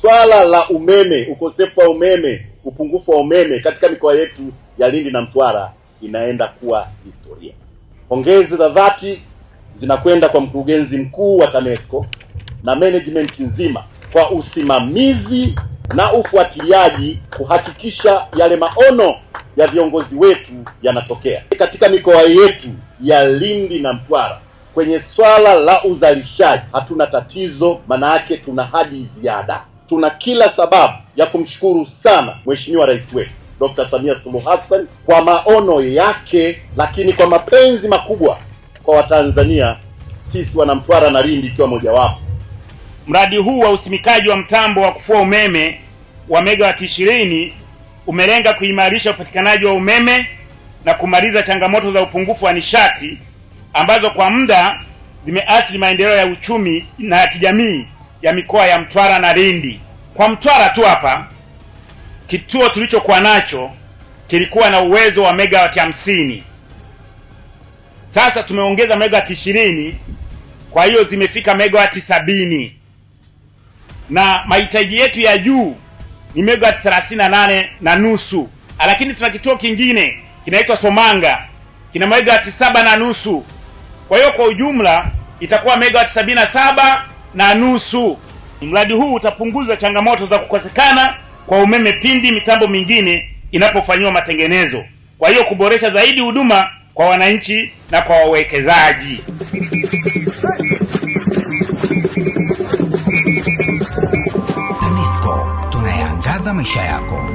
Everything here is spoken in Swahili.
swala la umeme, ukosefu wa umeme, upungufu wa umeme katika mikoa yetu ya Lindi na Mtwara inaenda kuwa historia. Pongezi za dhati zinakwenda kwa mkurugenzi mkuu wa TANESCO na management nzima kwa usimamizi na ufuatiliaji kuhakikisha yale maono ya viongozi wetu yanatokea katika mikoa yetu ya Lindi na Mtwara. Kwenye swala la uzalishaji hatuna tatizo, maana yake tuna hadi ziada. Tuna kila sababu ya kumshukuru sana Mheshimiwa Rais wetu Dr. Samia Suluhu Hassan kwa maono yake, lakini kwa mapenzi makubwa kwa Watanzania sisi Wanamtwara na Lindi ikiwa mojawapo. Mradi huu wa usimikaji wa mtambo wa kufua umeme wa megawati ishirini umelenga kuimarisha upatikanaji wa umeme na kumaliza changamoto za upungufu wa nishati ambazo kwa muda zimeathiri maendeleo ya uchumi na ya kijamii ya mikoa ya Mtwara na Lindi. Kwa Mtwara tu hapa kituo tulichokuwa nacho kilikuwa na uwezo wa megawati hamsini. Sasa tumeongeza megawati ishirini, kwa hiyo zimefika megawati sabini na mahitaji yetu ya juu ni megawati thelathini na nane na nusu, ah, lakini tuna kituo kingine kinaitwa Somanga kina megawati saba na nusu. Kwa hiyo kwa ujumla itakuwa megawati sabini na saba na nusu. Mradi huu utapunguza changamoto za kukosekana kwa umeme pindi mitambo mingine inapofanyiwa matengenezo, kwa hiyo kuboresha zaidi huduma kwa wananchi na kwa wawekezaji. TANESCO tunayaangaza maisha yako.